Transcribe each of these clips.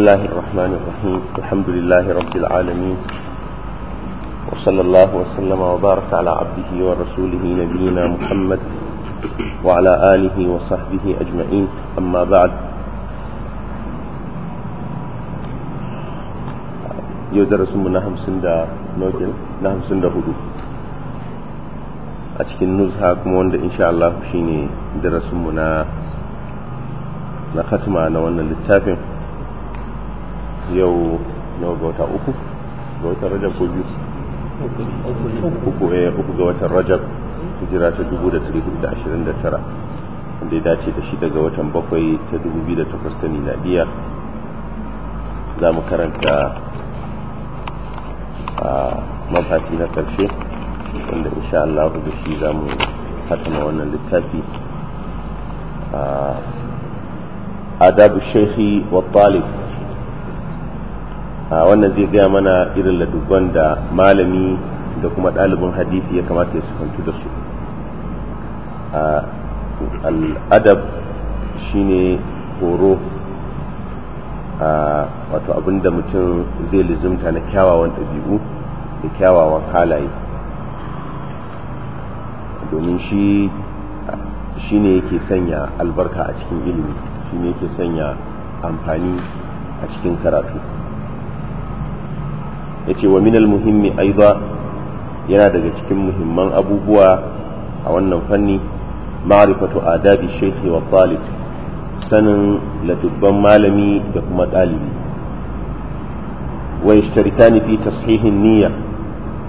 الله الرحمن الرحيم الحمد لله رب العالمين وصلى الله وسلم وبارك على عبده ورسوله نبينا محمد وعلى آله وصحبه أجمعين أما بعد يدرس من همسن دا نوجل نهمسن دا هدو أتكين نزهة كمون إن شاء الله شيني درس منا na khatma na wannan littafin yau nawa ga wata uku ga watan rajab ko biyu uku eh uku ga watan rajab hijira ta dubu da dari da ashirin da tara wanda ya dace da shida ga watan bakwai ta dubu biyu da takwas ta miladiya za mu karanta a mafati na karshe wanda insha Allah da shi za mu hatama wannan littafi a adabu shekhi wa talib wannan zai gaya mana irin ladubban da malami da kuma ɗalibin hadisi ya kamata ya sufantu da su al'adab ne horo wato da mutum zai lizimta na kyawawan ɗabi'u da kyawawan halaye domin shi shi ne yake sanya albarka a cikin ilimi shi ne yake sanya amfani a cikin karatu yace wa minal muhimmi aidha yana daga cikin muhimman abubuwa a wannan fanni ma'rifatu adabi shaykhi wa talib sanin latubban malami da kuma ɗalibi wa yashtarikani fi tashihin niyya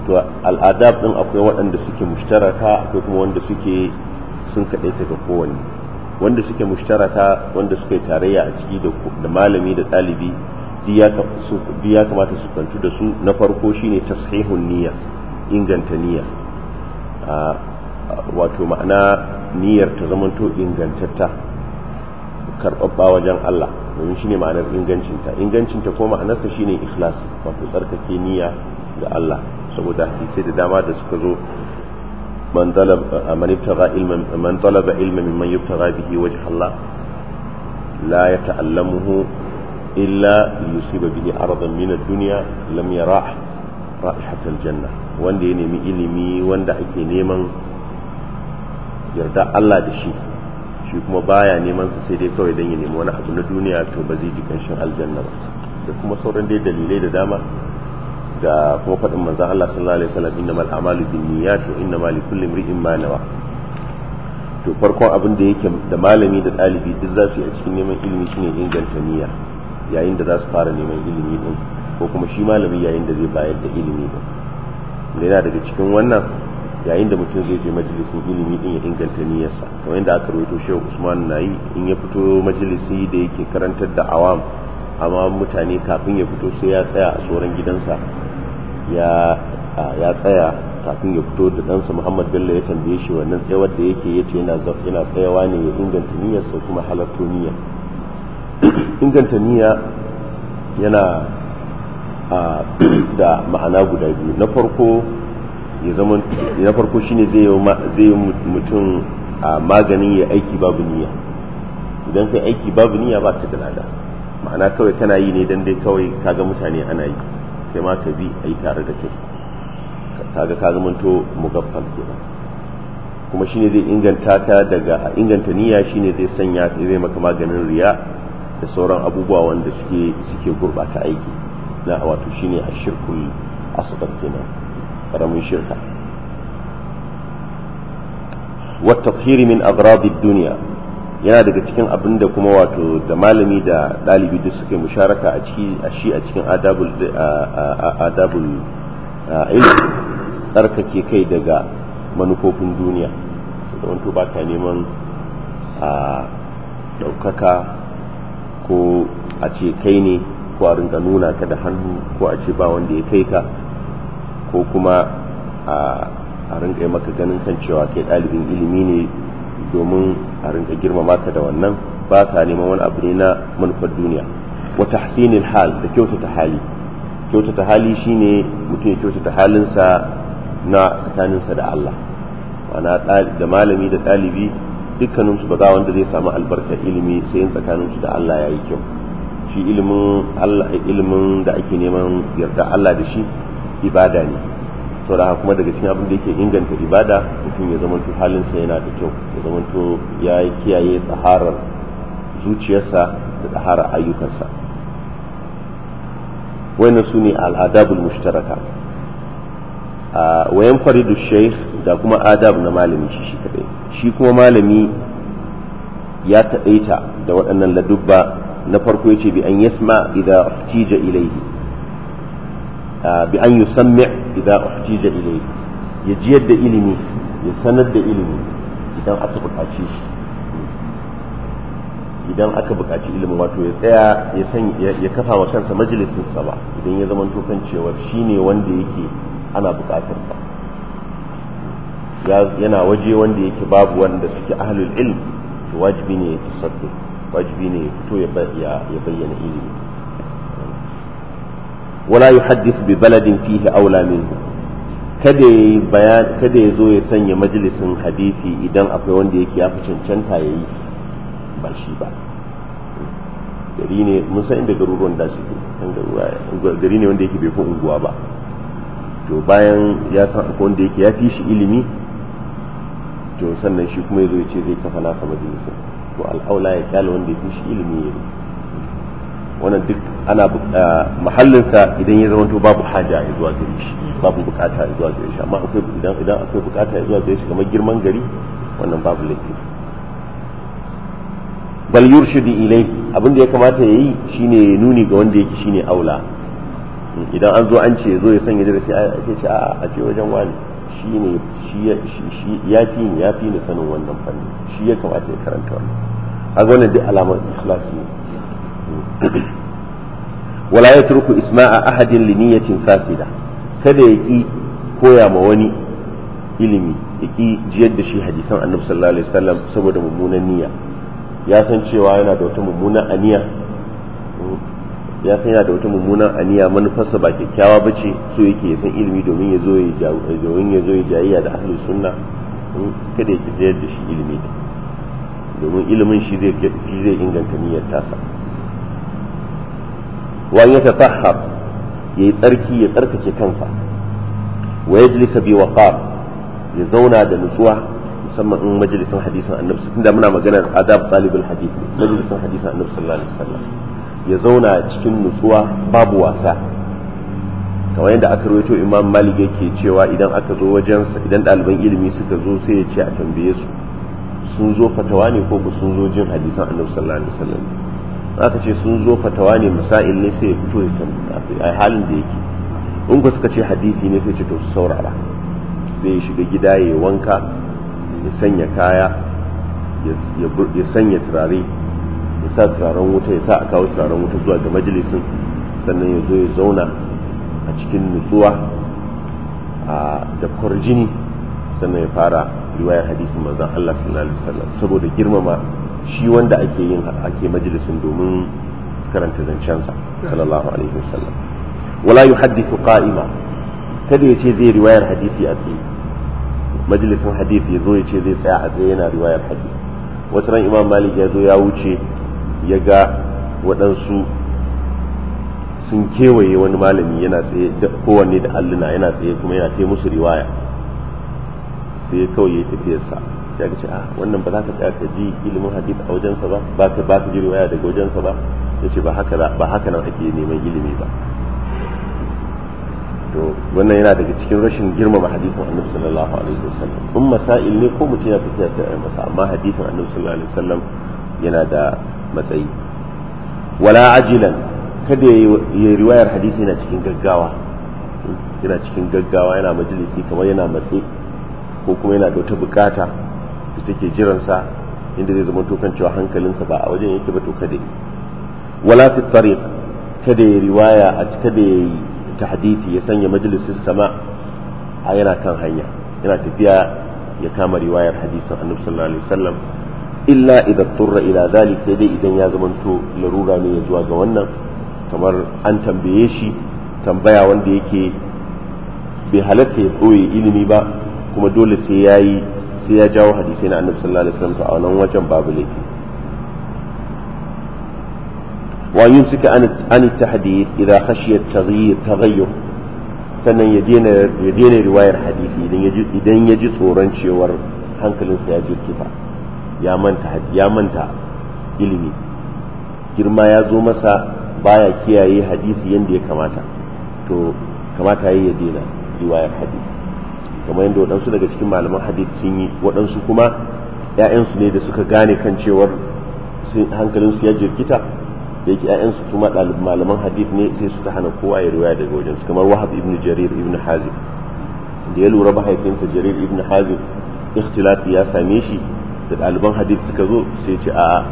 to al'adab din akwai waɗanda suke mushtaraka akwai kuma wanda suke sun kaɗaita ga kowanne wanda suke mushtaraka wanda suke tarayya a ciki da malami da ɗalibi ya kamata su kwantu da su na farko shine tashihun niyya inganta niyya wato ma'ana niyyar ta zamanto ingantatta karɓaɓɓa wajen Allah domin shine ma'anar ingancinta ingancinta ko ma'anarsa shine ikhlas wato tsarkake niyya ga Allah saboda sai da dama da suka zo man talaba ilmin man bihi wajh Allah la yata'allamuhu illa yusiba bihi aradan min ad-dunya lam yarah ra'ihat al-janna wanda ya nemi ilimi wanda ake neman yarda Allah da shi shi kuma baya neman sa sai dai kawai dan ya wani abu na duniya to ba zai ji kanshin aljanna ba da kuma sauran dai dalilai da dama da kuma faɗin manzon Allah sallallahu alaihi wasallam innamal a'malu binniyat wa innamal likulli imri'in ma nawa to farkon abin da yake da malami da ɗalibi duk za su yi a cikin neman ilimi shine inganta niyya yayin da za su fara neman ilimi din ko kuma shi malami yayin da zai bayar da ilimi din da yana daga cikin wannan yayin da mutum zai je majalisin ilimi din ya inganta niyyarsa kamar yadda aka rawaito shehu usman na yi in ya fito majalisi da yake karantar da awam amma mutane kafin ya fito sai ya tsaya a tsoron gidansa ya tsaya kafin ya fito da ɗansa muhammad bello ya tambaye shi wannan tsayawar da yake ya ce yana tsayawa ne ya inganta niyyarsa kuma halatto niyyar inganta niyya yana da ma'ana guda biyu na farko ya zama na farko shine zai yi mutum a maganin ya aiki babu niyya idan kai aiki babu niyya ba ka da ma'ana kawai kana yi ne dan dai kawai kaga mutane ana yi kai ma ka bi a yi tare da kai kaga ka zamanto mugaffal kenan kuma shine zai inganta ta daga inganta niyya shine zai sanya zai maka maganin riya da sauran abubuwa wanda suke suke gurbata aiki na wato shine shirkul asghar kenan karamin shirka wa tafhiri min aghrad ad-dunya yana daga cikin abin da kuma wato da malami da dalibi duk suke musharaka a ciki a shi a cikin adabul adabul ilmi tsarkake kai daga manufofin duniya da wanto ba ka neman a ɗaukaka ko a ce kai ne ko a rinka nuna ka da hannu ko a ce ba wanda ya kai ka ko kuma a rinka maka ganin kan cewa kai ɗalibin ilimi ne domin a rinka girmama ka da wannan ba ka neman wani abu ne na manufar duniya wa hasinin hal da kyautata hali kyautata hali shine mutum ya kyautata halinsa na tsakaninsa da Allah ma'ana da malami da ɗalibi dukkanin su ba za wanda zai samu albarkar ilimi sai tsakanin su da Allah ya yi kyau shi ilimin Allah ilimin da ake neman yarda Allah da shi ibada ne to da kuma daga cikin abin da yake inganta ibada mutum ya zama halin sa yana da kyau ya zama to ya kiyaye ɗaharar zuciyarsa da ɗaharar ayyukansa wannan su ne adabul mushtaraka wa yanfaridu shaykh Da kuma adab na malami shi shi kadai shi kuma malami ya taɗaita da waɗannan ladubba na farko yace bi an yasma idza uhtija ilayhi bi an yusammi idza uhtija ilayhi ya jiyar da ilimi ya sanar da ilimi idan aka buƙaci shi idan aka buƙaci ilimin wato ya tsaya ya san ya kafa wa kansa majalisin sa ba idan ya zama tokan cewar shine wanda yake ana buƙatarsa. sa yana waje wanda yake babu wanda suke ahlul ilm to wajibi ne ya tasaddu wajibi ne ya fito ya bayyana ilimi wala yuhaddith bi baladin fihi awla minhu kada ya bayan kada ya zo ya sanya majalisin hadisi idan akwai wanda yake ya fi cancanta ya yi ba shi ba gari ne mun san inda garuruwan da suke gari ne wanda yake bai fi unguwa ba to bayan ya san akwai wanda yake ya fi shi ilimi to sannan shi kuma yazo ya ce zai kafa nasa majalisa to al'aula ya kyale wanda ya shi ilimi ya wannan duk ana mahallinsa idan ya zama to babu haja ya zuwa gare shi babu bukata ya zuwa gare shi amma akwai idan idan akwai bukata ya zuwa gare shi kamar girman gari wannan babu laifi bal yurshidu ilai abinda da ya kamata yayi shine ya nuni ga wanda yake shine aula idan an zo an ce zo ya sanya darasi sai ce a a ce wajen wani shi ne shi ya fi ni ya fi ni sanin wannan fanni shi ya kamata ya karanta wannan a wannan duk alamar ikhlasi ne hmm. wala ya turku isma'a ahadin li fasida kada ya ki koya ma wani ilimi ya ki jiyar da shi hadisan annabi sallallahu alaihi wasallam saboda mummunan niyya ya san cewa yana da wata mummunan aniya hmm. ya san yana da wata mummunan aniya manufarsa ba kyakkyawa ba ce so yake ya san ilimi domin ya zo ya zo jayayya da ahlus sunna hmm, kada ya sayar da shi ilimi domin ilimin shi zai inganta niyyar tasa wa ya tatahhar tsarki ya tsarkake kansa wa yajlisa bi waqar ya zauna da nutsuwa musamman in majalisin hadisin annabi tunda muna maganar adab talibul hadith majalisin hadisin annabi sallallahu alaihi wasallam ya zauna cikin nutsuwa babu wasa kamar yadda aka rawaito imam malik yake cewa idan aka zo wajen idan ɗaliban ilimi suka zo sai ya ce a tambaye su sun zo fatawa ne ko sun zo jin hadisan annabi sallallahu alaihi wasallam aka ce sun zo fatawa ne misa'il ne sai ya fito ya a halin da yake in ku suka ce hadisi ne sai ce to su saurara sai ya shiga gida ya wanka ya sanya kaya ya sanya turare ya sa turaren wuta ya sa a kawo turaren wuta zuwa ga majalisin sannan ya zo ya zauna a cikin nutsuwa da kwarjini sannan ya fara riwayar hadisin manzon Allah sallallahu alaihi wasallam saboda girmama shi wanda ake yin ake majalisin domin karanta zancensa sallallahu alaihi wasallam wala yuhaddithu qa'ima kada ya ce zai riwayar hadisi a tsaye majalisin hadisi ya zo ya ce zai tsaya a tsaye yana riwayar hadisi wata ran imam malik ya zo ya wuce ya ga waɗansu sun kewaye wani malami yana tsaye kowanne da alluna yana tsaye kuma yana ce musu riwaya sai kawai ya yi tafiyarsa ya ce a ah, wannan ba za ka tsaya ka ji ilimin hadith a wajensa ba ba ka ba ka ji riwaya daga wajensa ba ya ce ba haka nan ake neman ilimi ba to wannan yana daga cikin rashin girmama hadisin annabi sallallahu alaihi wasallam in masail ne ko mutum ya tafiya sai a masa amma hadisin annabi sallallahu alaihi wasallam yana da matsayi wala ajilan kada ya riwayar hadisi yana cikin gaggawa yana cikin gaggawa yana majalisi kamar yana matse ko kuma yana da wata bukata da take jiransa inda zai zama kan cewa hankalinsa ba a wajen yake ba to kada wala fi tariq kada ya riwaya a kada ya tahdithi ya sanya majalisin sama a yana kan hanya yana tafiya ya kama riwayar hadisin annabi sallallahu alaihi wasallam illa idan turra ila zalik sai dai idan ya zamanto larura ne ya zuwa ga wannan kamar an tambaye shi tambaya wanda yake bai halatta ya ɓoye ilimi ba kuma dole sai ya yi sai ya jawo hadisai na annabi sallallahu alaihi wasallam a wannan wajen babu laifi wa suka an tahdid idan khashiya taghyir taghayyur sannan ya daina ya daina riwayar hadisi idan ya ji idan ya ji tsoron cewar hankalinsa ya jirkita ya manta ya manta ilimi girma ya zo masa baya kiyaye hadisi yadda ya kamata to kamata yayi ya daina riwayar hadisi kamar yadda waɗansu daga cikin malaman hadisi sun yi waɗansu kuma ‘ya'yansu ne da suka gane kan cewar hankalinsu ya jirkita da yake ‘ya'yansu su malaman hadisi ne sai suka hana kowa ya riwaya daga wajen su kamar wahab ibn jarir ibn hazim da ya lura mahaifinsa jarir ibn hazim ikhtilafi ya same shi da ɗaliban hadith suka zo sai ce a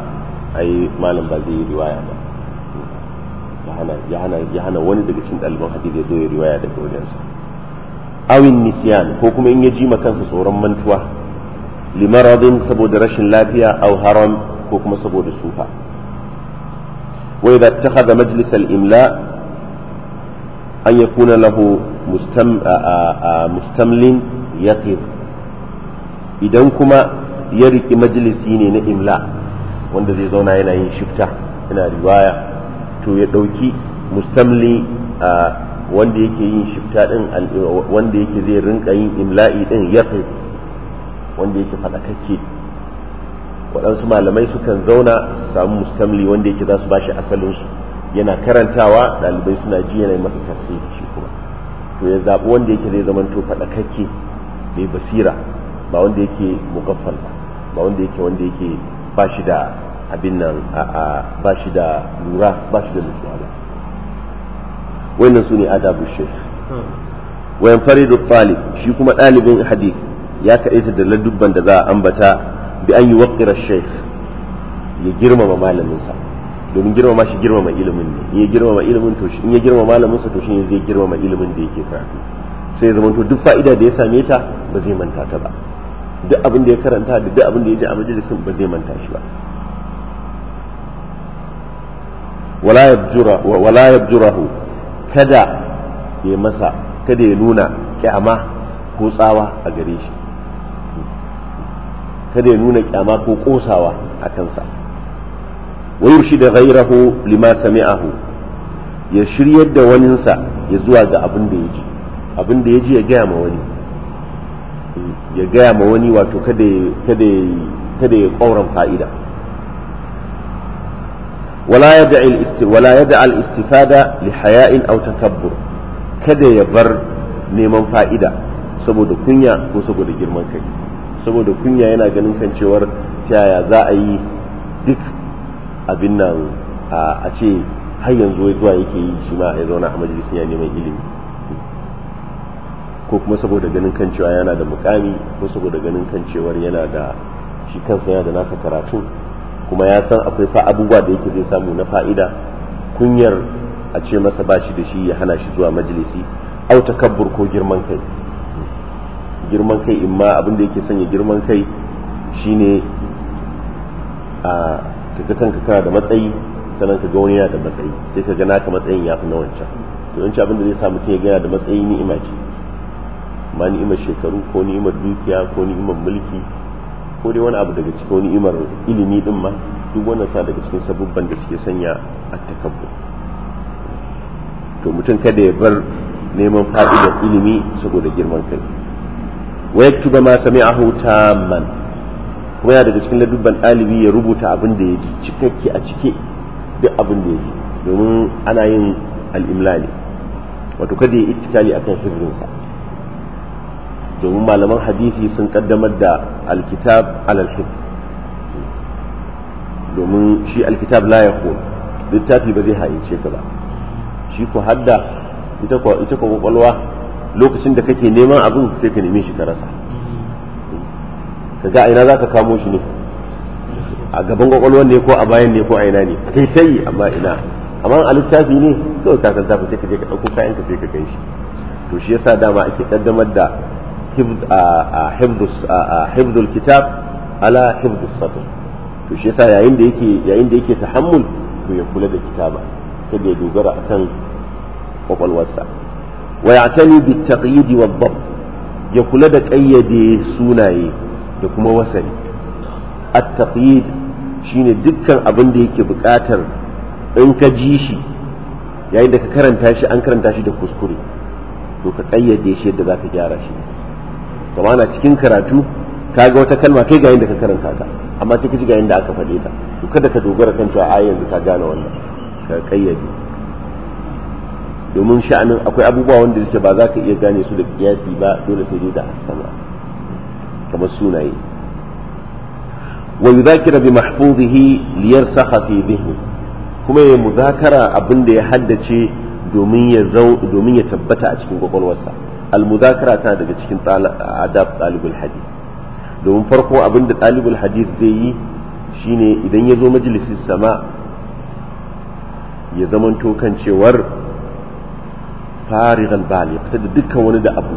ai malam ba zai yi riwaya ba ya hana wani daga cikin ɗaliban hadith ya zo ya riwaya daga wajensa awin nisyan ko kuma in ya ji kansa tsoron mantuwa limaradin saboda rashin lafiya au haram ko kuma saboda sufa wai da ta haɗa majalisar imla an nahu lahu mustamlin yaqin idan kuma ya riki majalisi ne na imla wanda zai zauna yana yin shifta yana riwaya to ya ɗauki mustamli a wanda yake yin shifta ɗin wanda yake zai rinka yin imla'i ɗin ya wanda yake faɗakakke waɗansu malamai sukan zauna su samu mustamli wanda yake za su ba shi asalinsu yana karantawa ɗalibai suna ji yana masa tasiri shi kuma to ya zaɓi wanda yake zai zamanto faɗakakke mai basira ba wanda yake mukaffal ba ba wanda yake wanda yake ba shi da abin nan ba shi da lura ba shi da nutsuwa ba wannan su ne adabu shekh wayan faridu talib shi kuma dalibin hadith ya kaɗaita da ladubban da za a ambata bi an yi waƙira shekh ya girmama malaminsa domin girmama shi girmama ilimin ne in ya girmama ilimin to in ya girmama malaminsa to shi ne zai girmama ilimin da yake karatu sai ya zama to duk fa'ida da ya same ta ba zai manta ta ba duk abin da ya karanta da duk abin da ya ji a majalisin ba zai manta shi ba wala yabjurahu kada ya masa kada ya nuna kyama ko tsawa a gare shi kada ya nuna kyama ko kosawa a kansa wa yurshida ghayrahu lima sami'ahu ya shiryar da waninsa ya zuwa ga abin da ya ji abin da ya ji ya gaya ma wani ya gaya ma wani wato kada ya fa'ida wala ya da istifada li haya'in auta takabbur kada ya bar neman fa'ida saboda kunya ko saboda girman kai saboda kunya yana ganin kan cewar yaya za a yi duk abin nan a ce har yanzu zuwa yake yi shi ma ya zauna a majalisun ya neman ilimi ko kuma saboda ganin kan cewa yana da mukami ko saboda ganin kan cewar yana da shi kansa yana da nasa karatu kuma ya san akwai fa abubuwa da yake zai samu na fa'ida kunyar a ce masa ba shi da shi ya hana shi zuwa majalisi au takabbur ko girman kai girman kai imma ma abin da yake sanya girman kai shine a kaga kanka kana da matsayi sannan ka ga wani yana da matsayi sai ka ga naka matsayin ya fi na wancan to in abin da zai samu mutum ya gana da matsayi ni'ima ce ma ni'imar shekaru ko ni'imar dukiya ko ni'imar mulki ko dai wani abu daga cikin ni'imar ilimi din ma duk wannan sa daga cikin sabubban da suke sanya a takabbu to mutum kada ya bar neman fa'idar ilimi saboda girman kai wa yaktuba ma sami'ahu tamman kuma yana daga cikin ladubban ɗalibi ya rubuta abin da ya ji cikakke a cike duk abin da ya ji domin ana yin al'imla ne wato kada ya ittikali akan hirrinsa domin malaman hadisi sun kaddamar da alkitab alalhif domin shi alkitab la ya littafi ba zai hayince ka ba shi ku hadda ita kwa kwakwalwa lokacin da kake neman abin sai ka neme shi ka rasa ka ga aina za ka kamo shi ne a gaban kwakwalwa ne ko a bayan ne ko a ina ne kai ta yi amma ina amma a littafi ne kawai ka san sai ka je ka ɗauko kayan ka sai ka gan shi to shi yasa dama ake kaddamar da hifdul kitab ala hifdus sadr to shi yasa yayin da yake yayin da yake tahammul to ya kula da kitaba kada ya dogara akan kwakwalwarsa wa ya'tani bit taqyid wa dhab ya kula da kayyade sunaye da kuma wasali at taqyid shine dukkan abin da yake buƙatar in ka ji shi yayin da ka karanta shi an karanta shi da kuskure to ka kayyade shi yadda za ka gyara shi kuma ana cikin karatu ka ga wata kalma kai ga yadda ka karanta ta amma sai ka ji ga yadda aka faɗe ta to kada ka dogara kan cewa ai yanzu ka gane wannan ka kayyade domin sha'anin akwai abubuwa wanda suke ba za ka iya gane su da kiyasi ba dole sai dai da asama kamar sunaye wa yudhakira bi mahfuzihi liyarsakha fi dhihni kuma ya muzakara abin da ya haddace domin ya tabbata a cikin kwakwalwarsa almuzakara ta daga cikin adab ɗalibul hadith domin farko abin da ɗalibul hadith zai yi shine idan ya zo majalisin sama ya zamanto kan cewar farigan bali ya fita da dukkan wani da abu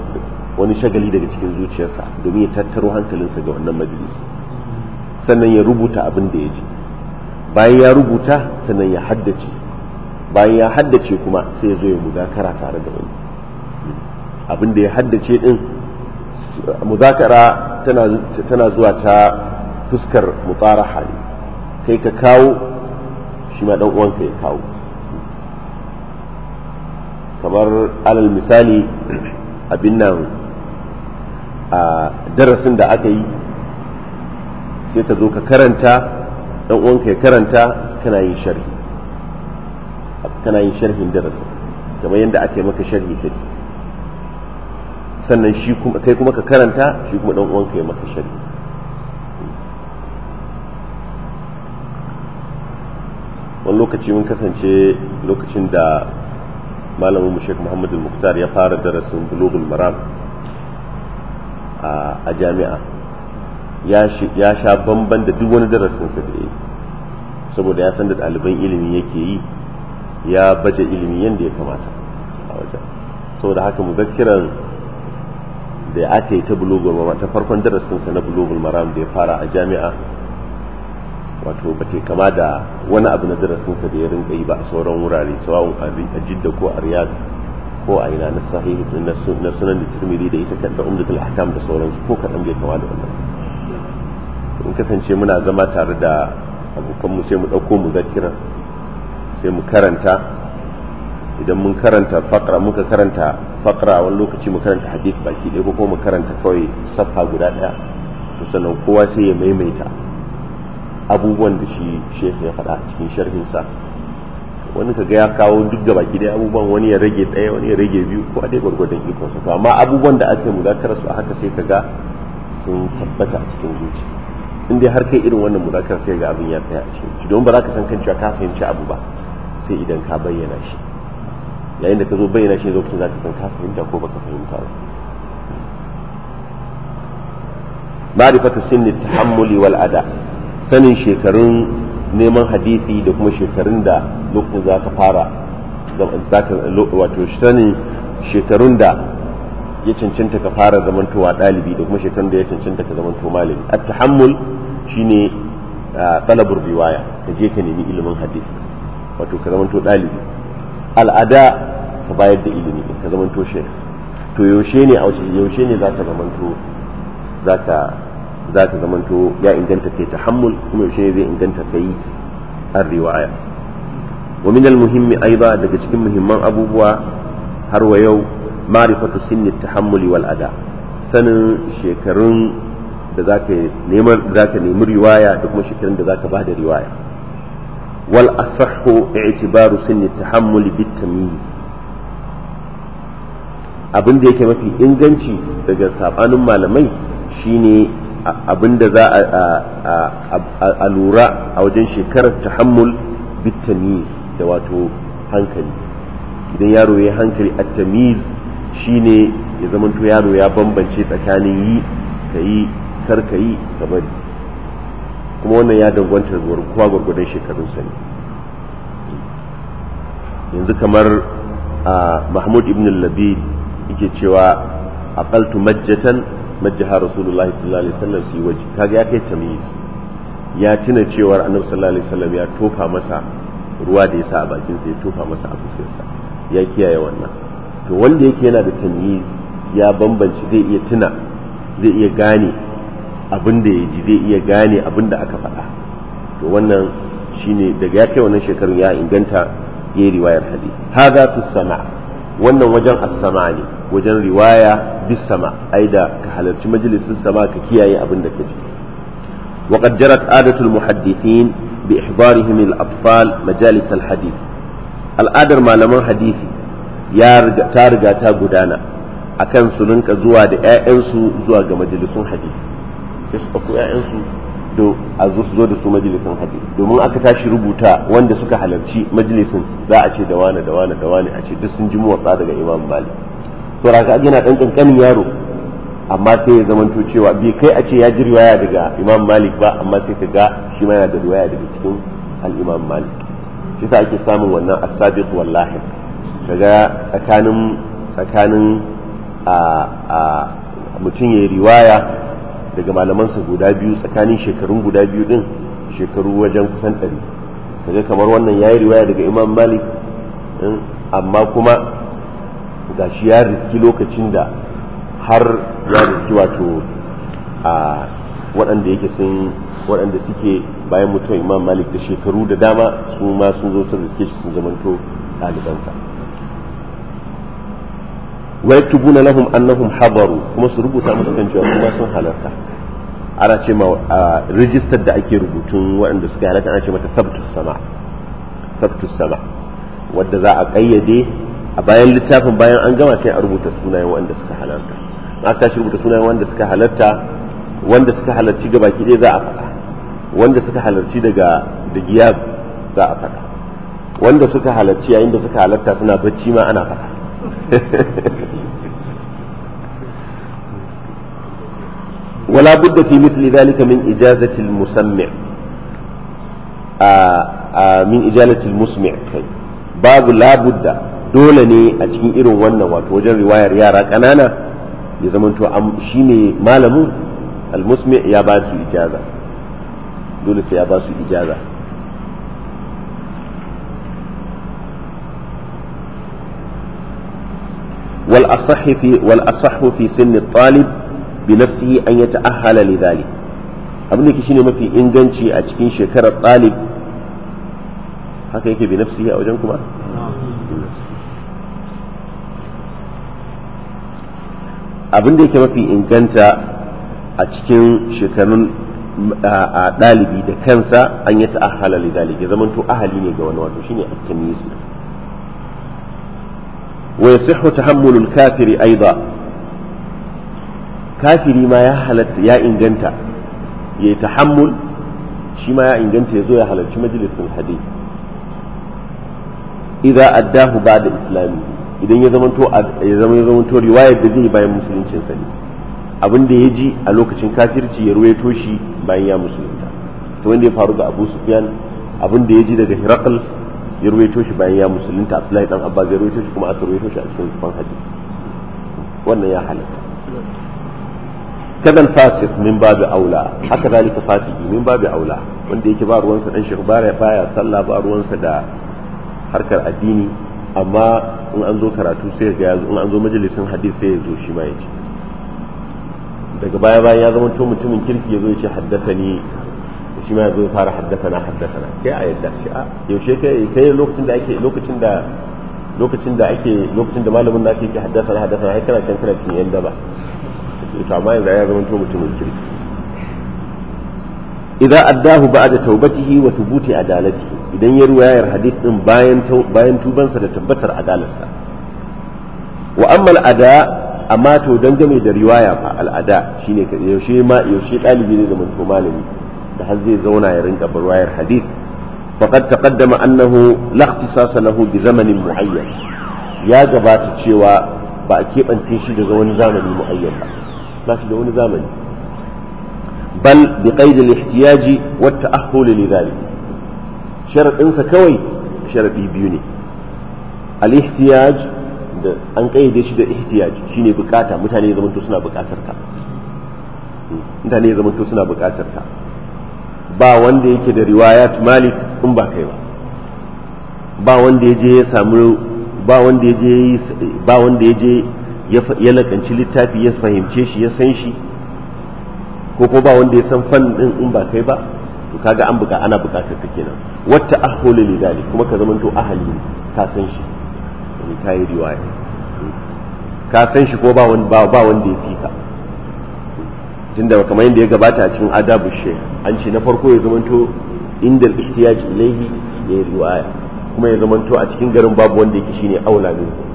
wani shagali daga cikin zuciyarsa domin ya tattaro hankalinsa ga wannan majalis sannan ya rubuta abin da ya ji bayan ya rubuta sannan ya haddace bayan ya haddace kuma sai ya zo ya muzakara tare da wani abin da ya haddace din muzakara tana zuwa ta fuskar mutsara hali. kai ka kawo shi ma uwanka ya kawo kamar alal misali abin nan a darasin da aka yi sai ka zo ka karanta uwanka ya karanta kana yin sharhi kana yin sharhin darasin kamar yadda ake maka sharhi kake sannan shi kuma kai kuma ka karanta shi kuma dan uwanka ya maka shari wani lokaci mun kasance lokacin da malamin mu Sheikh Muhammad al ya fara darasin Bulughul Maram a jami'a ya sha bamban da duk wani darasin sa da saboda ya san da ɗaliban ilimi yake yi ya baje ilimi yadda ya kamata a wajen saboda haka mu zakiran da aka yi ta bulogul maram ta farkon darasinsa na bulogul maram da ya fara a jami'a wato ba ta kama da wani abu na darasinsa da ya rinka yi ba a sauran wurare sawa'un a jidda ko a riyad ko a ina na sahih na sunan da tirmidhi da ita kadda umdatul ahkam da sauransu ko kaɗan bai kama da wannan in kasance muna zama tare da abokanmu sai mu ɗauko mu zakira sai mu karanta idan mun karanta fakra muka karanta Fakara wani lokaci mu karanta hadith baki ɗaya ko kuma mu karanta kawai safa guda ɗaya to sannan kowa sai ya maimaita abubuwan da shi shekh ya faɗa a cikin sharhinsa wani ga ya kawo duk da baki ɗaya abubuwan wani ya rage ɗaya wani ya rage biyu ko dai gwargwadon ikon sa amma abubuwan da aka mudakarar su a haka sai kaga sun tabbata a cikin zuci in dai har kai irin wannan mudakarar sai ga abin ya tsaya a cikin don ba za ka san kan cewa ka fahimci abu ba sai idan ka bayyana shi yayin da ka zo bayyana shi lokacin za ka san ka fahimta ko baka fahimta ba ma'rifatu sinni tahammuli wal ada sanin shekarun neman hadisi da kuma shekarun da lokacin za ka fara wato sanin shekarun da ya cancanta ka fara zamantowa ɗalibi da kuma shekarun da ya cancanta ka zamanto malami at-tahammul shine ah, talabur riwaya ka je ka nemi ilimin hadisi wato ka zamanto ɗalibi al'ada ka bayar da ilimi ka zamanto shek to yaushe ne a wace yaushe ne za ka to za ka za ka ya inganta kai tahammul kuma yaushe ne zai inganta kai an riwaya wa min al-muhimmi aiba daga cikin muhimman abubuwa har wa yau ma'rifatu sinni tahammuli wal ada sanin shekarun da za ka nemi riwaya da kuma shekarun da za ka ba da riwaya wal asahhu i'tibaru sinni tahammuli bitamyiz abin da yake mafi inganci daga sabanin malamai shine abin da za a lura a wajen shekarar tahammul bitamin da wato hankali idan yaro ya hankali at-tamyiz shine ya zamanto yaro ya bambance tsakanin yi ka yi kar ka yi ka bari kuma wannan ya danganta da kowa gwargwadon shekarun sani yanzu kamar mahmud ibn labid yake cewa a ɓaltu majjatan majjaha rasulullah sallallahu alaihi wasallam fi waji kaga ya kai tamyiz ya tuna cewar annabi sallallahu alaihi wasallam ya tofa masa ruwa da yasa a bakin sa ya tofa masa a fuskarsa ya kiyaye wannan to wanda yake yana da tamyiz ya bambance zai iya tuna zai iya gane abin da ya ji zai iya gane abin da aka faɗa to wannan shine daga ya kai wannan shekarun ya inganta yayi riwayar hadith hadha fi sama wannan wajen as-sama ne wajen riwaya bis sama ai da ka halarci majalisin sama ka kiyaye abin da ka ji wa qad jarat adatul muhaddithin bi ihdarihim al-atfal majalis al-hadith al'adar malaman hadisi ya ta riga ta gudana akan su rinka zuwa da 'ya'yansu zuwa ga majalisun hadisi sai su ɗauko ‘ya’yansu do a zo su zo da su majalisin haɗe domin aka tashi rubuta wanda suka halarci majalisin za a ce da wane da wane da wane a ce duk sun ji muwatsa daga imam bali to raka yana ɗan ƙanƙanin yaro amma sai ya zamanto cewa bai kai a ce ya ji riwaya daga imam malik ba amma sai ka ga shi ma yana da riwaya daga cikin al-imam malik shi sa ake samun wannan as-sabiq wallahi kaga tsakanin tsakanin a mutum ya riwaya daga malamansa guda biyu tsakanin shekarun guda biyu din shekaru wajen kusan ɗari kaga kamar wannan ya yi riwaya daga imam malik eh, amma kuma ga shi ya riski lokacin da har ya riski wato a waɗanda yake sun waɗanda suke bayan mutuwar imam malik da shekaru da dama su ma sun zo sun riske shi sun zamanto ɗalibansa wa yaktubuna lahum annahum habaru kuma su rubuta musu kan cewa kuma sun halarta ana ce ma a rijistar da ake rubutun waɗanda suka halatta ana ce mata sabtus sama sabtus sama wadda za a ƙayyade a bayan littafin bayan an gama sai a rubuta sunayen waɗanda suka halarta na tashi rubuta sunayen waɗanda suka halarta wanda suka halarci gaba ɗaya za a faɗa wanda suka halarci daga da giyab za a faɗa wanda suka halarci yayin da suka halarta suna bacci ma ana faɗa ولا بد في مثل ذلك من إجازة المسمع آآ آه، آآ آه، من إجازة المسمع كي طيب. باب لا بد دولني أتكين إرو وانا واتوجر رواية ريارة كنانا يزمن تو أم شيني مالمو المسمع يا باسو إجازة دولة يا باسو إجازة والأصح في والأصح في سن الطالب bi nafsihi an ya ta'ahala li da yake shine mafi inganci a cikin shekarar haka a wajen kuma abin da yake mafi inganta a cikin shekarun a ɗalibi da kansa an yi ta'ahala li dhalik ya zamanto ahali ne ga wani wato shine at wa yasihhu tahammulul kafiri aidan kafiri ma ya halatta ya inganta ya yi tahammul shi ma ya inganta ya zo ya halarci majalisar hadi idan addahu ba da islami idan ya zamanto ya zama ya zamanto riwayar da zai bayan musuluncin sa ne abin da ya ji a lokacin kafirci ya ruwaito shi bayan ya musulunta to wanda ya faru ga Abu Sufyan abin da ya ji daga Hiraql ya ruwaito shi bayan ya musulunta Abdullahi dan Abbas ya ruwaito shi kuma aka ruwaito shi a cikin sufan hadisi wannan ya halatta kadan fasik min babu aula haka zalika fasiki min babu aula wanda yake ba ruwansa dan shi baya baya sallah ba ruwansa da harkar addini amma in an zo karatu sai ga in an zo majalisin hadith sai ya zo shi ma yace daga baya bayan ya zama to mutumin kirki ya zo haddaka ni haddathani shi ma ya zo ya fara haddathana haddathana sai a yadda shi a yaushe kai kai lokacin da ake lokacin da lokacin da ake lokacin da malamin naka yake haddathana haddathana kai kana can kana cikin yan daba to yanzu ya zama to mutumin kirki idan addahu da taubatihi wa thubuti adalati idan ya ruwayar hadith din bayan bayan tubansa da tabbatar adalarsa wa a da amma to dangane da riwaya fa al'ada shine yaushe ma yaushe dalibi ne da malami da har zai zauna ya rinka barwayar hadith faqad taqaddama annahu la ikhtisasa lahu bi zamanin muayyan ya gabata cewa ba a keɓance shi daga wani zamani muayyan ba ba su da wani zamani bal bi qaid al ihtiyaji wa ta'ahhul li dhalik sharadin sa kawai sharadi biyu ne al ihtiyaj da an kayyade shi da ihtiyaj shine bukata mutane ya zamanto suna bukatar ka mutane ya zamanto suna bukatar ka ba wanda yake da riwayat malik in ba kai ba ba wanda ya je ya samu ba wanda ya je ba wanda ya je ya lakanci littafi ya fahimce shi ya san shi ko ko ba wanda ya san fan din in ba kai ba to kaga an buka ana bukatar ta kenan wata ahulu li dalik kuma ka zamanto ahli ka san shi ni ta yi riwaya ka san shi ko ba wanda ba wanda ya fika tunda kamar yadda ya gabata a cikin adabu shay an ce na farko ya zamanto inda al-ihtiyaj ilayhi ya riwaya kuma ya zamanto a cikin garin babu wanda yake shine aula ne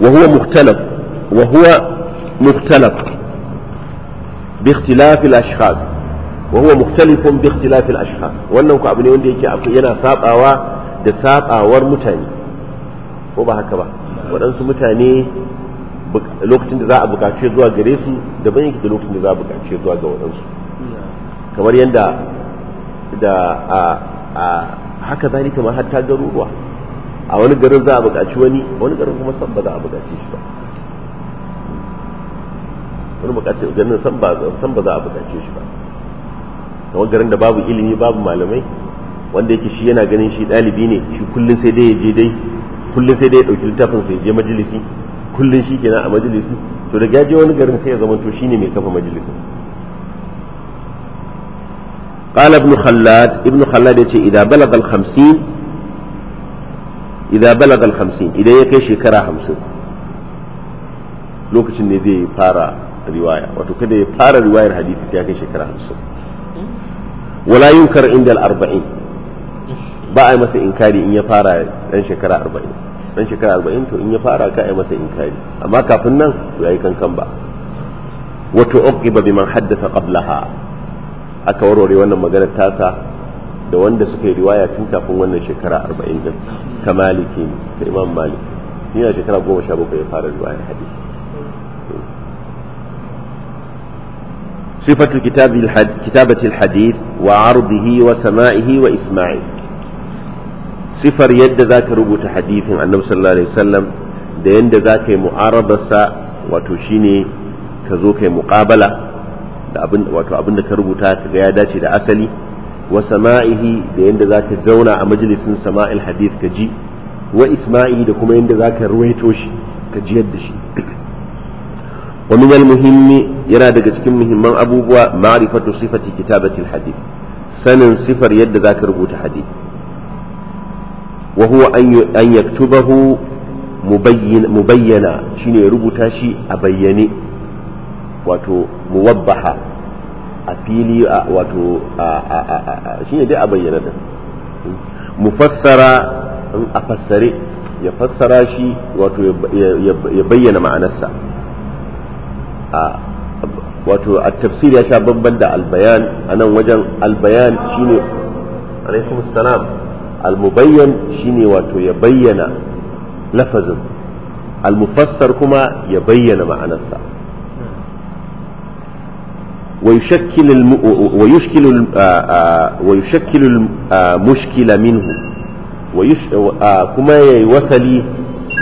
وهو مختلف وهو مختلف باختلاف الأشخاص وهو مختلف باختلاف الأشخاص wannan ku abu ne wanda yake yana sabawa da sabawar mutane ko ba haka ba waɗansu mutane lokacin da za a buƙace zuwa gare su daban yake da lokacin da za a buƙace zuwa ga waɗansu kamar yadda da a hatta garuruwa a wani garin za a buƙaci wani wani garin kuma san ba za a buƙaci shi ba wani buƙaci garin san ba za a buƙace shi ba kamar garin da babu ilimi babu malamai wanda yake shi yana ganin shi ɗalibi ne shi kullum sai dai ya je dai kullum sai dai ya ɗauki littafin sai je majalisi kullum shi kenan a majalisi to da ya je wani garin sai ya zama to shine mai kafa majalisin قال ابن خلاد ابن خلاد يقول إذا بلغ الخمسين Ida balagal al-50 idan ya kai shekara 50 lokacin ne zai fara riwaya wato kada ya fara riwayar hadisi sai ya kai shekara wala yunkar a yi masa inkari in ya fara dan shekara 40 dan shekara 40 to in ya fara ka yi masa inkari amma kafin nan to yayi kankan ba wato uqiba biman haddatha qablaha aka warware wannan magana tasa da wanda suka yi riwaya tun kafin wannan shekara 40 din ka maliki ka imam malik shi ne shekara goma sha bakwai ya fara riwayar hadisi صفة كتاب كتابة الحديث وعرضه وسمائه وإسماعه صفر يد ذاك ربط حديث عن النبي صلى الله عليه وسلم da yadda za ka yi mu'arabarsa wato shine ka zo ka yi wato abin da ka rubuta ga ya dace da asali wa sama'ihi da yadda zaka zauna a majalisin sama'il hadith kaji ji wa isma'i da kuma yadda za ka ruwaito kaji ka jiyar da shi wa muhimmi yana daga cikin muhimman abubuwa ma'rifatu sifati kitabati al-hadith sanin sifar yadda zaka ka rubuta hadith wa huwa an yaktubahu mubayyana shine rubuta shi a bayyane wato muwabbaha a fili wato shi ne dai a bayyana da mu in a fassare ya fassara shi wato ya bayyana ma'anarsa wato a tafsir ya sha bamban da albayan a nan wajen albayan shine alaikum salam almubayyan shine wato ya bayyana lafazin almufassar kuma ya bayyana ma'anarsa ويشكل الم... ويشكل الم... ويشكل المشكل منه ويش... كما يوصلي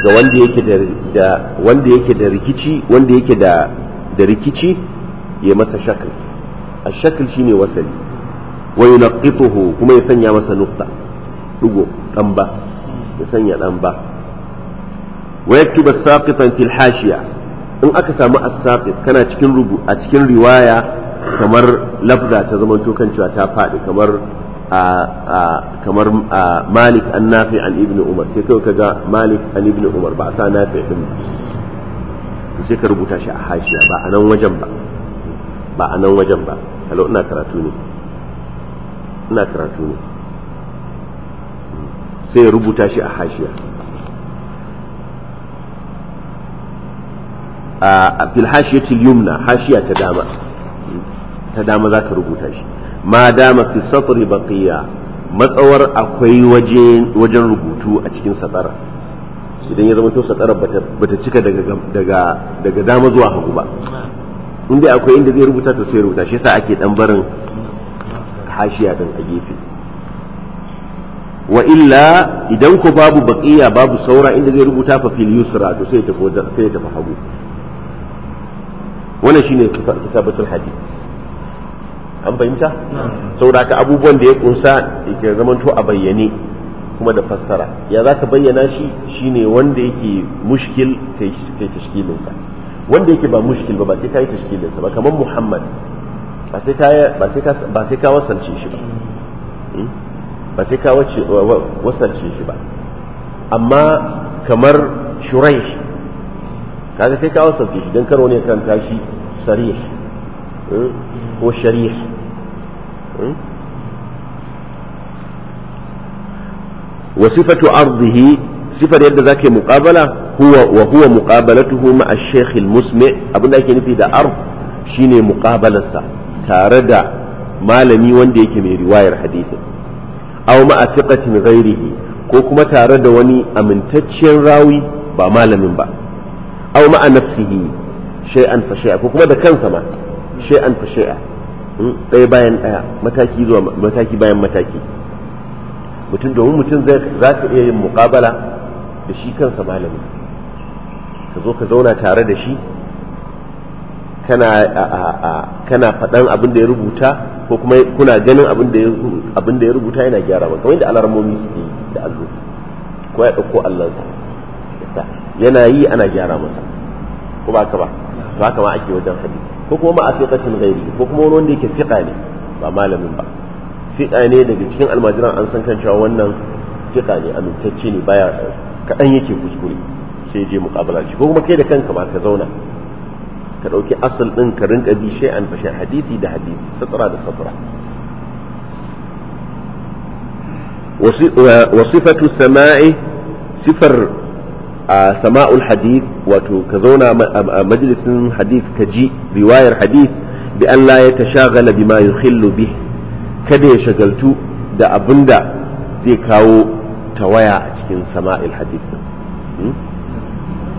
ga wanda yake da da wanda yake da rikici wanda yake da da rikici ya masa shakl ashakl shine wasali wa yunqituhu kuma ya sanya masa nukta dugo dan ba ya sanya dan ba wa yaktuba saqitan in aka samu as-saqit kana cikin rubu a cikin riwaya kamar lafza ta zama kan cewa ta faɗi kamar kamar malik an nafi an ibn umar sai kawai kaga malik an ibn umar ba a sa nafi din sai ka rubuta shi a hashiya ba a nan wajen ba ba a nan wajen ba halo ina karatu ne ina karatu ne sai ya rubuta shi a hashiya a fil hashiyatil yumna hashiya ta dama ta dama za ka rubuta shi ma dama fi safari baqiya matsawar akwai wajen rubutu a cikin satara idan ya zama to satara bata cika daga dama zuwa hagu ba inda akwai inda zai rubuta to sai rubuta shi sa ake dan barin hashiya din a gefe wa illa idan ku babu baqiya babu saura inda zai rubuta fa fil yusra to sai ya tafi hagu wannan shine kitabatul hadith an fahimta saboda ka abubuwan da ya kunsa ya zamanto a bayyane kuma da fassara ya za ka bayyana shi shine wanda yake mushkil kai tashkilinsa wanda yake ba mushkil ba ba sai ka yi tashkilinsa ba kamar muhammad ba sai ka wasance shi ba ba sai ka wasance hmm? shi ba amma kamar shurai kaga sai ka wasance shi don karo ne kan tashi sarih hmm? ko shari'a wa sifatu ardihi sifar yadda zaka muqabala huwa wa huwa muqabalatuhu ma ash-shaykh al-musmi' abinda ake nufi da ard shine muqabalarsa tare da malami wanda yake mai riwayar hadisin aw ma athiqatin ghairihi ko kuma tare da wani amintaccen rawi ba malamin ba aw ma nafsihi shay'an fa shay'a ko kuma da kansa ma shay'an fa shay'a Hmm? ɗaya bayan ɗaya mataki zuwa mataki bayan mataki mutum domin mutum za ka iya yin muƙabala da shi kansa malami ka zo ka zauna tare da shi kana faɗan abin da ya rubuta ko kuma kuna ganin abin da ya rubuta yana gyara ba kamar yadda alarmomi suke yi da allo ko ya ɗauko allonsa yana yi ana gyara masa ko ba ka ba ba ka ma ake wajen hadisi ko kuma ma asiqatin ghairi ko kuma wani wanda yake fiqa ne ba malamin ba fiqa ne daga cikin almajiran an san kan cewa wannan fiqa ne amintacce ne baya kadan yake kuskure sai je muqabala shi ko kuma kai da kanka ba ka zauna ka dauki asal din ka rinka bi shay'an fa shay hadisi da hadisi satra da satra wasifatu sama'i sifar sama'ul hadith wato ka zauna a majalisin hadith ka ji riwayar hadith bi an la ya tashagala bima yukhillu bih kada ya shagaltu da abinda zai kawo tawaya a cikin sama'il hadith hmm?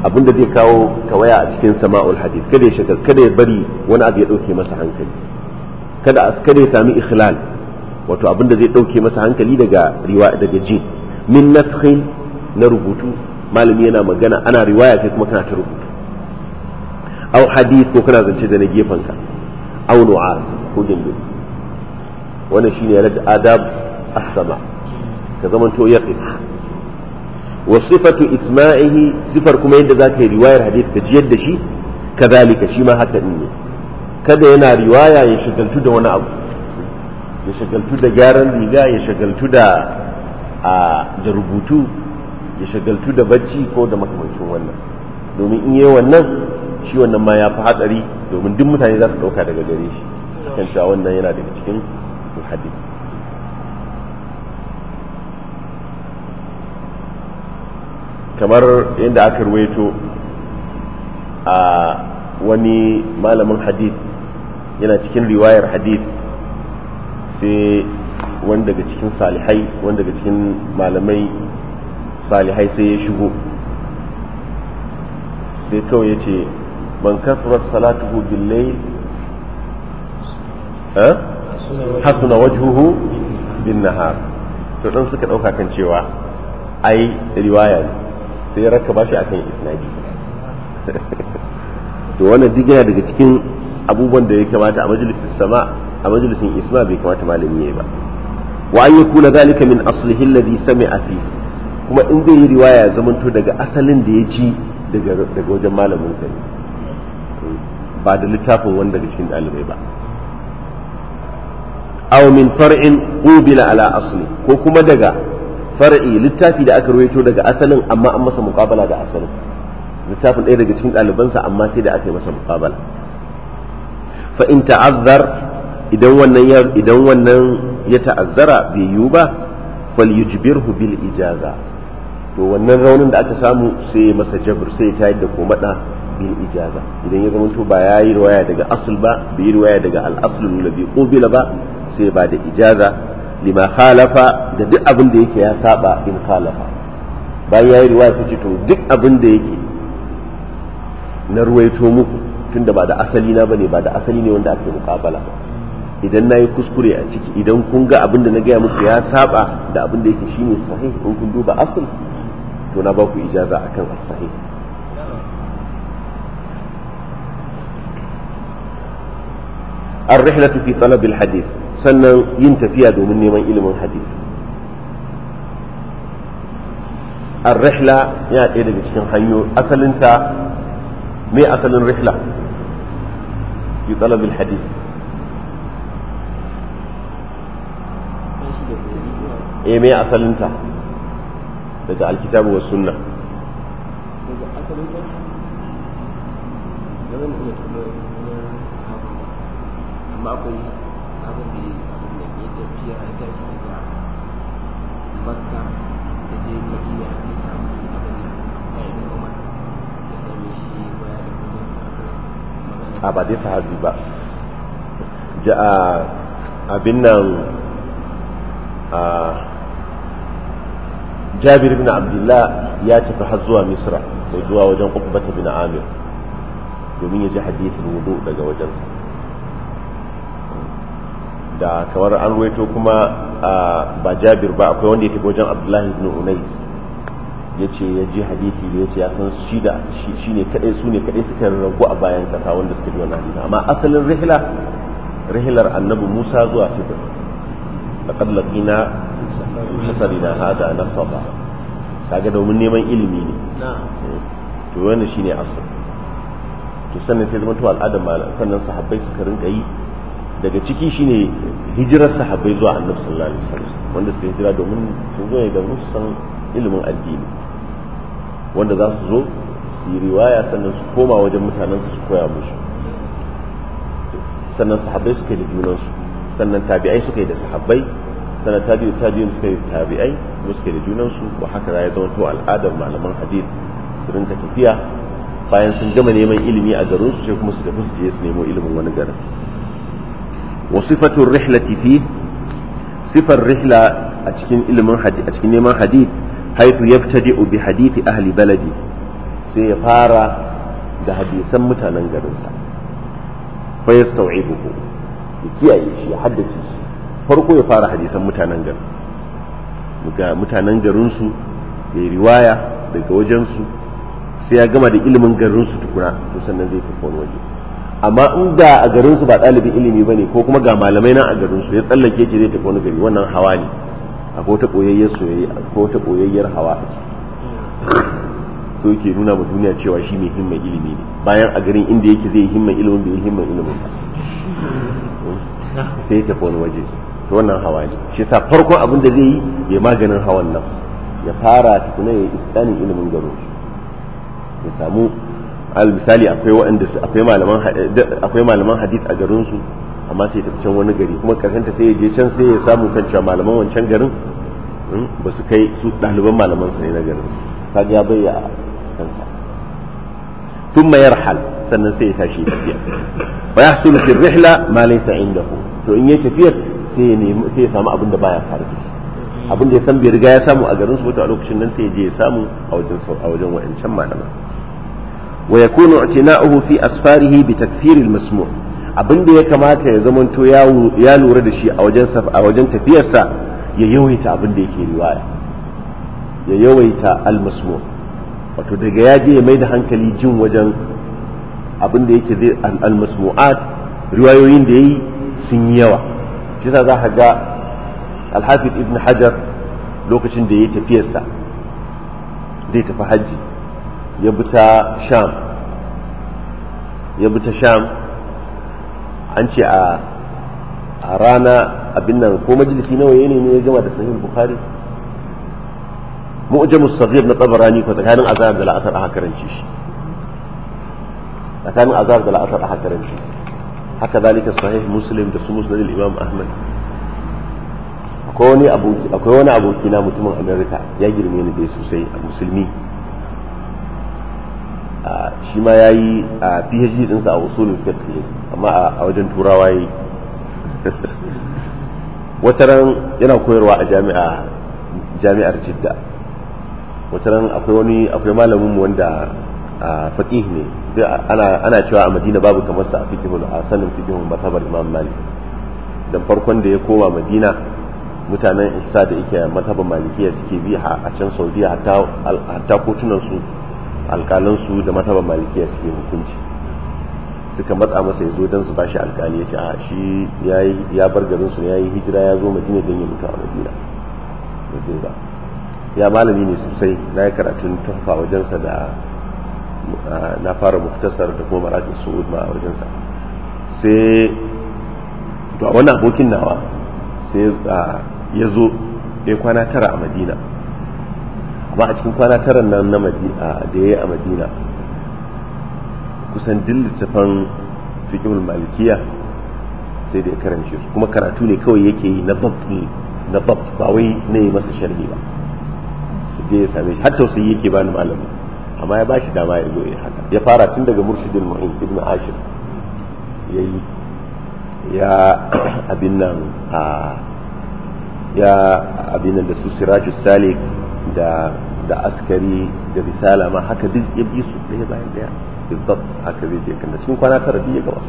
abinda zai kawo tawaya a cikin sama'ul hadith kada ya shagal kada ya bari wani abu ya dauke masa hankali kada kada ya sami ikhlal wato abinda zai dauke masa hankali daga riwa daga jin min naskhin na rubutu malami yana magana ana riwaya kai kuma kana ta rubutu au hadith ko kana zance da na gefen ka au nu'as ko dindin wannan shine ya rada adab as-sama ka zamanto yaqin wa sifatu isma'ihi sifar kuma yadda zaka yi riwayar hadith ka jiyar yadda shi kadalika, shi ma haka ne kada yana riwaya ya shagaltu da wani abu ya shagaltu da gyaran riga ya shagaltu da da rubutu ya shagaltu da bacci ko da makamancin wannan domin in yi wannan shi wannan ma ya fi hatsari domin duk mutane za su ɗauka daga gare shi kan cewa wannan yana daga cikin hadith kamar yadda aka ruwaito a wani malamin hadith yana cikin riwayar hadith sai wani daga cikin salihai wani daga cikin malamai salihai sai ya shigo sai kawai ya ce ban kafirar salatuhu billai eh? hasuna wajhuhu bin nahar to dan suka dauka kan cewa ai riwaya ne sai ya raka bashi akan isnadi to wannan duk yana daga cikin abubuwan da ya kamata a majalisin sama a majalisin isma bai kamata malami ya ba wa an yakuna zalika min aslihi alladhi sami'a fihi kuma in zai yi riwaya ya zamanto daga asalin da ya ji daga wajen malamin sai ba da littafin wanda daga cikin ɗalibai ba aw min far'in qubila ala asli ko kuma daga far'i littafi da aka rawaito daga asalin amma an masa muqabala da asalin littafin ɗaya daga cikin ɗalibansa amma sai da aka yi masa muqabala fa in ta'azzar idan wannan ya idan wannan ya ta'azzara bai yiwu ba yujbirhu, bil ijaza to wannan raunin da aka samu sai ya masa jabr sai ya tayar da mada bil ijaza idan ya zamanto ba ya yi riwaya daga asl ba bai yi riwaya daga al asl alladhi qubila ba sai ba da ijaza lima khalafa da duk abin da yake ya saba in khalafa bayan ya yi riwaya sai to duk abin da yake na ruwaito muku tunda ba da asali na bane ba da asali ne wanda ake mukabala idan na yi kuskure a ciki idan kun ga abin da na gaya muku ya saba da abin da yake shine sahih in kun duba asl to na baku ijaza akan الرحلة في طلب الحديث سنة ينتفيا من من علم الحديث الرحلة يعني إلي دقيقة كان حيو أصل أنت ما أصل الرحلة في طلب الحديث إيه ما أصل أنت daga alkitabu wa sunna amma tafiya a tashi a ba dai sahabi ba ja abin nan a jabir bin abdullah ya tafi har zuwa misra sai zuwa wajen uqbata bin amir domin ya ji hadithin wudu daga wajensa da kamar an ruwaito kuma ba jabir ba akwai wanda ya tafi wajen abdullahi bin unais ya ce ya ji hadithi da ya ce ya san shi da shi ne kadai su ne kadai suka ragu a bayan kasa wanda suka ji wannan hadithi amma asalin rihla rihilar annabi musa zuwa tibir laqad laqina hatsari hada na saba kaga domin neman ilimi ne eh, to wannan shine asal to sannan sai zama to al'adar malam sannan sahabbai suka rinka yi daga ciki shine hijirar sahabbai zuwa annabi sallallahu alaihi wasallam wanda suka hijira domin su zo ne domin san ilimin addini wanda za su zo su riwaya sannan su koma wajen mutanen su koya musu sannan sahabbai suka yi da junansu sannan tabi'ai suka yi da sahabbai sana tabi'u tabi'in suka yi tabi'ai muske da junansu ba haka za ya zama to al'adar malaman hadith su rinka tafiya bayan sun gama neman ilimi a garin su sai kuma su tafi su je su nemo ilimin wani garin wa sifatu rihlati fi sifar rihla a cikin ilimin hadith a cikin neman hadith haythu yabtadi'u bi hadithi ahli baladi sai ya fara da hadisan mutanen garinsa fa yastau'ibuhu ya kiyaye shi ya haddace shi farko ya fara hadisan mutanen garin ga mutanen garinsu ya riwaya daga wajensu sai ya gama da ilimin garinsu tukuna to sannan zai tafi wani waje amma in ga a garinsu ba ɗalibin ilimi ba ne ko kuma ga malamai nan a garinsu ya tsallake ce zai tafi wani gari wannan hawa ne ko ta ɓoyayyar soyayya ko ta ɓoyayyar hawa a ciki so yake nuna ma duniya cewa shi mai himmar ilimi ne bayan a garin inda yake zai himmar ilimin bai himmar ilimin ba sai ya tafi wani waje to wannan hawa ne shi sa farko abin da zai yi ya maganin hawan nafs ya fara tukuna ya iskani ilimin garo ya samu al misali akwai waɗanda akwai malaman eh, akwai malaman hadith a garin su amma sai tafi can wani gari kuma karshenta sai ya je can sai ya samu kan malaman wancan garin hmm, ba su kai su ɗaliban malaman sa ne na garin kaga ya bayya kansa thumma yarhal sannan sai ya tashi tafiya fa yahsulu fi rihla ma laysa indahu to in yi tafiyar sai ya samu abin da baya faru da shi abin da ya san bai riga ya samu a garin su a lokacin nan sai ya je ya samu a wajen a wajen wa'ancan malama wa yakunu i'tina'uhu fi asfarihi bi takfiril masmu abin da ya kamata ya zamanto ya lura da shi a wajen a wajen tafiyarsa ya yawaita abin da yake riwaya ya yawaita al-masmu' wato daga ya je ya mai da hankali jin wajen abin da yake zai al-masmu'at riwayoyin da yayi sun yi yawa shi za ka ga alhafiz ibn hajar lokacin da ya yi tafiyarsa zai tafi hajji ya bi ta sham ya bi ta sham an ce a a rana abin nan ko majalisi nawa ne ne ya gama da sahih bukhari mu'jamu saghir na tabarani ko tsakanin azhar da la'asar aka karanci shi tsakanin azhar da la'asar aka karanci shi haka zalika sahih muslim da su musnad al-imam ahmad akwai wani aboki akwai wani aboki na mutumin america ya girme ni dai sosai a musulmi shi ma ya yi a phd dinsa a usulul fiqh amma a wajen turawa yi wataran yana koyarwa a jami'a jami'ar jidda wataran akwai wani akwai malamin mu wanda faqih ne ana cewa a Madina babu kamar sa a fiqhul a sanin fiqhul matabar Imam Malik dan farkon da ya koma Madina mutanen Isa da yake matabar Malikiya suke bi a can Saudiya hatta hatta kotunan su alƙalan su da matabar Malikiya suke hukunci suka matsa masa ya zo don su bashi alƙali ya ce a shi ya bar garin su ya yi hijira ya zo Madina don ya mutu a Madina ya malami ne sosai na yi karatun tafafa wajensa da na fara muktasar da kuma maradin su'ud ma a wajensa sai to a wannan abokin nawa sai ya zo ya kwana tara a madina amma a cikin kwana tara nan na da ya a madina kusan duk littafan fiqhul malikiya sai da ya karance su kuma karatu ne kawai yake yi na babbi na bab ba wai na yi masa sharhi ba je ya same shi har tausayi yake bani malami amma ya bashi dama ya zo haka ya fara tun daga murshidin mu'in ibn ashir ya yi ya abin nan a ya abin nan da su sirajus salik da da askari da risala ma haka duk ya bi su ɗaya bayan ɗaya bizzat haka zai je kan da cikin kwana tara biyu ya gaba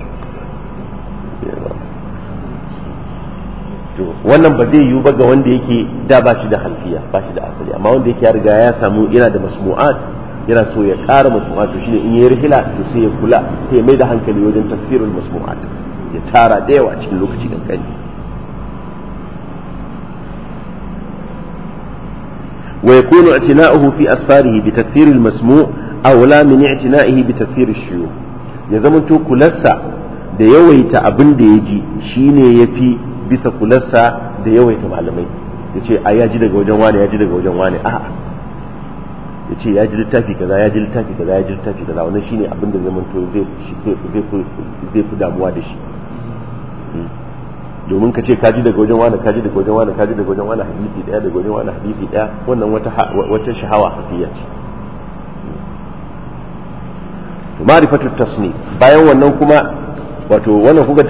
su wannan ba zai yiwu ba ga wanda yake da ba shi da halfiya ba shi da asali amma wanda yake ya riga ya samu yana da masmu'at yana so ya ƙara masmu'at to shine in yi rihila to sai ya kula sai ya mai da hankali wajen tafsirin masmu'at ya tara da yawa cikin lokaci kankani wa yakunu i'tina'uhu fi asfarihi bi takthiril masmu' awla min i'tina'ihi bi tafsirin shuyu ya zamanto kulassa da yawaita abin da ya ji shine yafi bisa kulassa da yawaita malamai yace a ya ji daga wajen wani ya ji daga wajen wani a'a ya ce ya ji littafi kaza ya ji littafi kaza ya ji littafi kaza wannan shine abin da zaman to zai fi damuwa da shi hmm. domin ka ce ka ji daga wajen wani ka ji daga wajen wani ka ji daga wajen wani hadisi daya daga wajen wani hadisi daya wannan wata wata shahawa hafiya ce to ma'rifatu tasnif bayan wannan kuma wato wannan kuka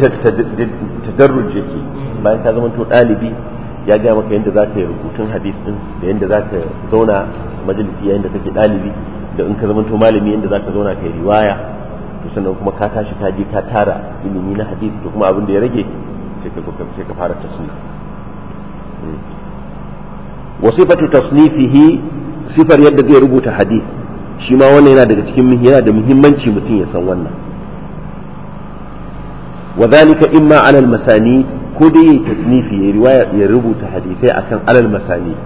tadarruj yake bayan ka zama to dalibi ya ga maka yadda zaka yi rubutun hadisi din da yadda zaka zauna majalisi yayin da kake ɗalibi da in ka zamanto malami yadda za ka zauna kai riwaya to sannan kuma ka tashi ka je ka tara ilimi na hadith to kuma abin da ya rage sai ka zo sai ka fara tasnif hmm. wa sifatu tasnifihi sifar yadda zai rubuta hadith shi ma wannan yana daga cikin yana da muhimmanci mutum ya san wannan wa dhalika imma ala al-masanid ko dai tasnifi ya riwaya ya rubuta hadithai akan alal masanid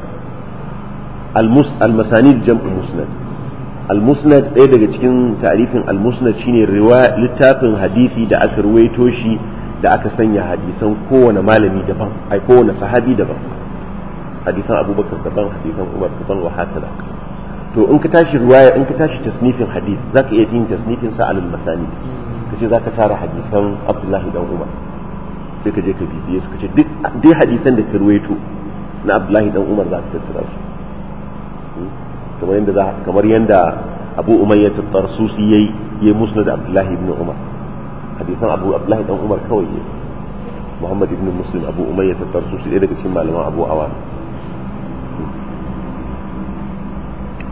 al جمع jam'u المسند al-musnad daga cikin tarifin al-musnad shine riwaya littafin hadisi da aka ruwaito shi da aka sanya hadisan kowane malami daban ai kowane sahabi daban hadisan abubakar daban hadisan umar daban wa hakada to in ka tashi riwaya in ka tashi tasnifin hadith zaka iya yin tasnifin sa al-masanid kace zaka tara hadisan abdullahi dan umar sai ka je ka bibiye su kace duk dai hadisan da ka ruwaito na abdullahi dan umar zaka tattara su kamar yanda za kamar yanda Abu Umayyah at-Tarsusi yayi yayi musnad Abdullah ibn Umar hadisan Abu Abdullah ibn Umar kawai yayi Muhammad ibn Muslim Abu Umayyah at-Tarsusi ɗaya daga cikin malaman Abu Awan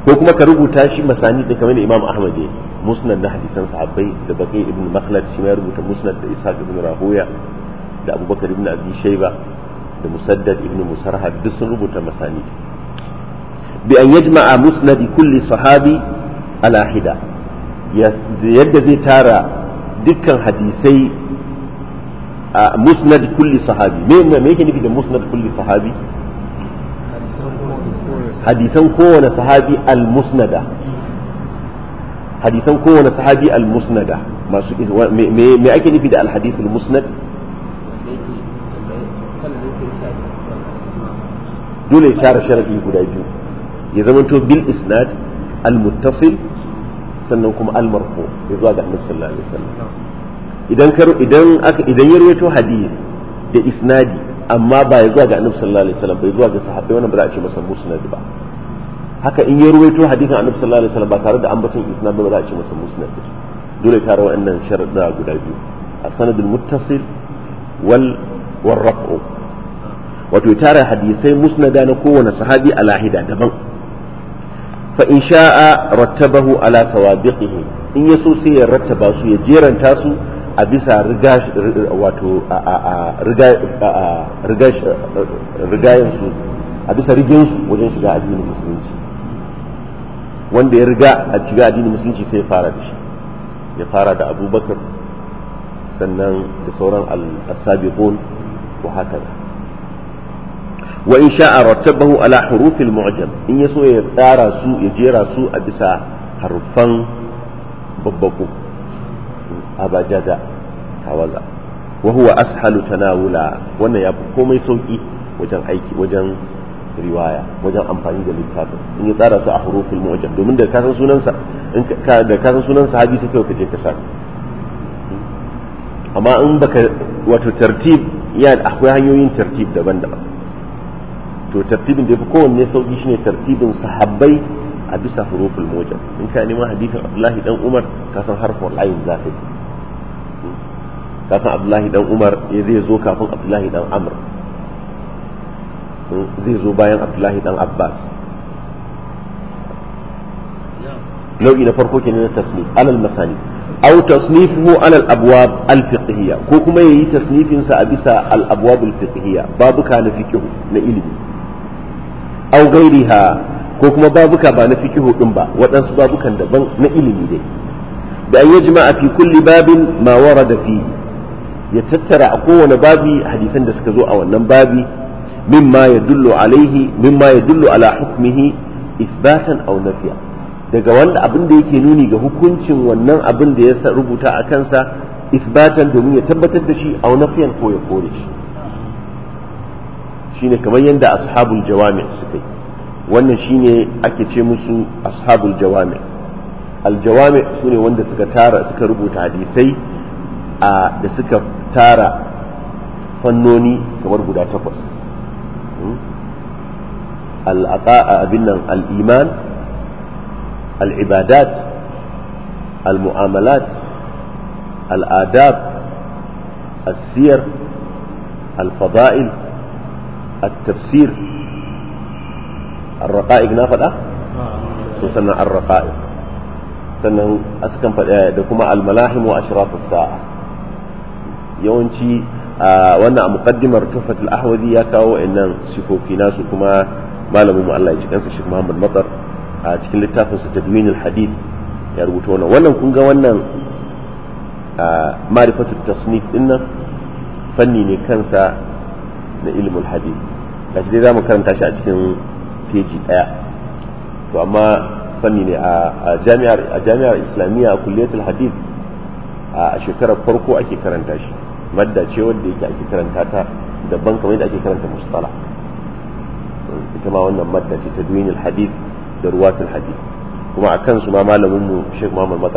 ko kuma ka rubuta shi masani da kamar Imam Ahmad yayi musnad da hadisan sahabbai da Baqi ibn Makhlad shi ya rubuta musnad da Ishaq ibn Rahuya da Abubakar ibn Abi Shayba da Musaddad ibn Musarhad duk sun rubuta masani bi an yajma'a musnadi kulli sahabi ala yadda zai tara dukkan hadisai a kulli sahabi me yake nufi da musnad kulli sahabi hadisan kowane sahabi al-musnada hadisan kowane sahabi al-musnada masu ake nufi da musnad dole ya tara sharafi guda biyu ya zama to bil isnad al muttasil sannan kuma al marfu ya zuwa ga annabi sallallahu alaihi wasallam idan kar idan aka idan ya rawaito hadisi da isnadi amma ba ya zuwa ga annabi sallallahu alaihi wasallam bai zuwa ga sahabbai wannan ba za a ce masa musnad ba haka in ya rawaito hadisin annabi sallallahu alaihi wasallam ba tare da ambaton isnad ba za a ce masa musnad dole ta rawa wannan sharuɗa guda biyu السند المتصل وال والرفع wato tara hadisai musnada na kowane sahabi a lahida daban fa in sha'a rattabahu ala sawabiqihi in ya so sai ya rattaba su ya jeranta su a bisa riga wato a bisa wajen shiga addinin musulunci wanda ya riga a shiga addinin musulunci sai ya fara da shi ya fara da abubakar sannan da sauran al-sabiqun wa haka wa in sha'a rattabahu ala hurufil mu'jam in yaso ya tsara su ya jera su a bisa harfan babbaku abajada hawaza wa huwa ashalu tanawula wannan ya komai sauki wajen aiki wajen riwaya wajen amfani da littafin in ya tsara su a huruful mu'jam domin da kasan sunansa sunansa habi sai kai ka amma in baka wato tartib akwai hanyoyin tartib daban-daban to tartibin da ya fi kowanne sauki shine tartibin sahabbai a bisa huruful mujam in ka neman hadisin abdullahi dan umar ka san harfin ayin za ka ka san abdullahi dan umar ya eh, zai zo kafin abdullahi dan amr hmm, zai zo bayan abdullahi dan abbas nau'i na farko kenan na tasnif alal masani aw tasnifuhu alal abwab al ko kuma yayi tasnifin sa a bisa al abwab al fiqhiyya babuka na fiqh na ilimi aw gairiha ko kuma babuka ba na fiqhu din ba waɗansu babukan daban na ilimi dai da an yajma fi kulli babin ma warada fihi ya tattara a kowane babi hadisan da suka zo a wannan babi mimma yadullu alaihi mimma yadullu ala hukmihi ithbatan aw nafiya daga wanda abin da yake nuni ga hukuncin wannan abin da ya rubuta a kansa isbatan domin ya tabbatar da shi aw nafiyan ko ya kore shi shine kamar yadda ashabul jawami suka yi wannan shine ake ce musu ashabul jawami aljawami su ne wanda suka tara suka rubuta hadisai a da suka tara fannoni kamar guda takwas hmm? al'aqa abin nan al'iman al'ibadat al-mu'amalat al'adab السير الفضائل التفسير الرقائق نافذة سنة الرقائق سنة أسكن دكما الملاحم وأشراط الساعة يونشي وانا مقدمة تحفة الأحوذي يكاو إن سفوفي ناس كما ما لم الله يجيك أنسى الشيخ محمد مطر a cikin littafinsa tadwin al-hadith ya rubuta wannan wannan kun ga wannan ma'rifatu tasnif din nan fanni ne kansa na ilmul hadith gashi dai mu karanta shi a cikin peji daya to amma fanni ne a jami'ar islamiyya a kulliyatul hadith a shekarar farko ake karanta shi madda ce wanda yake ake karanta ta daban kamar yadda ake karanta mustala ita ma wannan madda ce ta duniyar hadith da ruwatul hadith kuma a kansu ma malamin mu Sheikh Muhammad